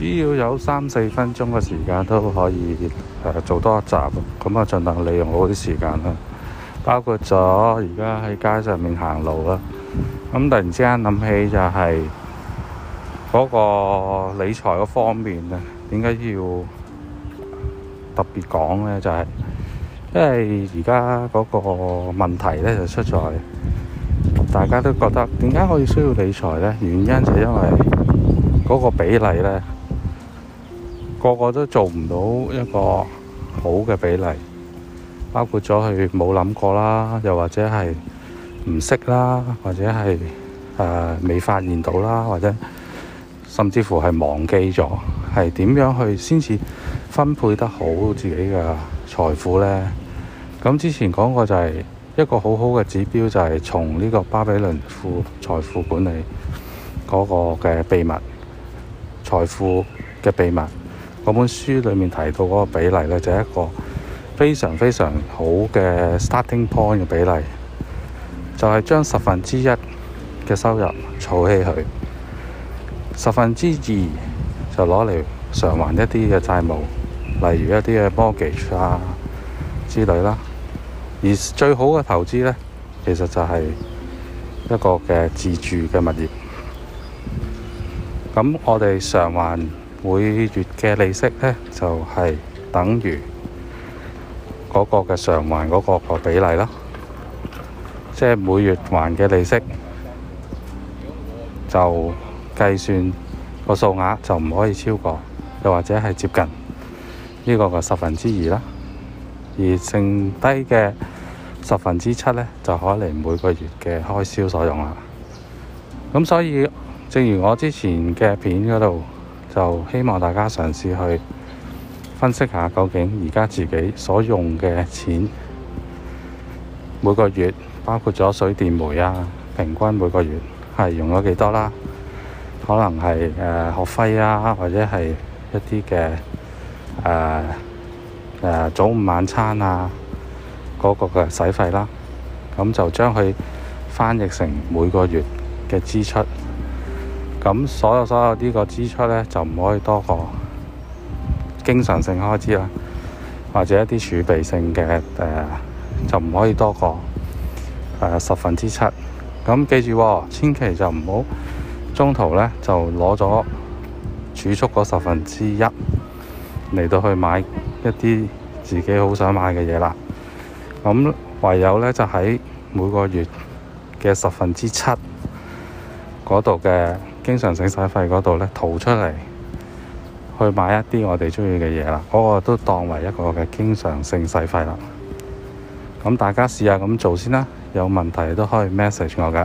只要有三四分鐘嘅時間都可以誒、呃、做多一集，咁啊盡量利用好啲時間啦。包括咗而家喺街上面行路啦，咁、啊嗯、突然之間諗起就係嗰個理財嗰方面咧，點解要特別講咧？就係、是、因為而家嗰個問題咧，就出在大家都覺得點解可以需要理財咧？原因就係因為嗰個比例咧。個個都做唔到一個好嘅比例，包括咗佢冇諗過啦，又或者係唔識啦，或者係誒未發現到啦，或者甚至乎係忘記咗係點樣去先至分配得好自己嘅財富咧。咁之前講過就係一個好好嘅指標，就係、是、從呢個巴比倫富財富管理嗰個嘅秘密，財富嘅秘密。嗰本書裡面提到嗰個比例呢就係一個非常非常好嘅 starting point 嘅比例，就係將十分之一嘅收入儲起佢，十分之二就攞嚟償還一啲嘅債務，例如一啲嘅 mortgage 啊之類啦。而最好嘅投資呢，其實就係一個嘅自住嘅物業。咁我哋償還。每月嘅利息呢，就係、是、等於嗰個嘅償還嗰個個比例咯。即、就、係、是、每月還嘅利息就計算個數額，就唔可以超過，又或者係接近呢個嘅十分之二啦。而剩低嘅十分之七呢，就可能每個月嘅開銷所用啦。咁所以，正如我之前嘅片嗰度。就希望大家嘗試去分析下，究竟而家自己所用嘅錢每個月，包括咗水電煤啊，平均每個月係用咗幾多啦？可能係誒、呃、學費啊，或者係一啲嘅誒誒早午晚餐啊嗰、嗰個嘅使費啦、啊。咁就將佢翻譯成每個月嘅支出。咁所有所有呢個支出呢，就唔可以多過經常性開支啦，或者一啲儲備性嘅誒、呃，就唔可以多過誒、呃、十分之七。咁記住、喎，千祈就唔好中途呢，就攞咗儲蓄嗰十分之一嚟到去買一啲自己好想買嘅嘢啦。咁唯有呢，就喺每個月嘅十分之七嗰度嘅。經常性使費嗰度咧，掏出嚟去買一啲我哋中意嘅嘢啦，嗰個都當為一個嘅經常性使費啦。咁大家試下咁做先啦，有問題都可以 message 我㗎。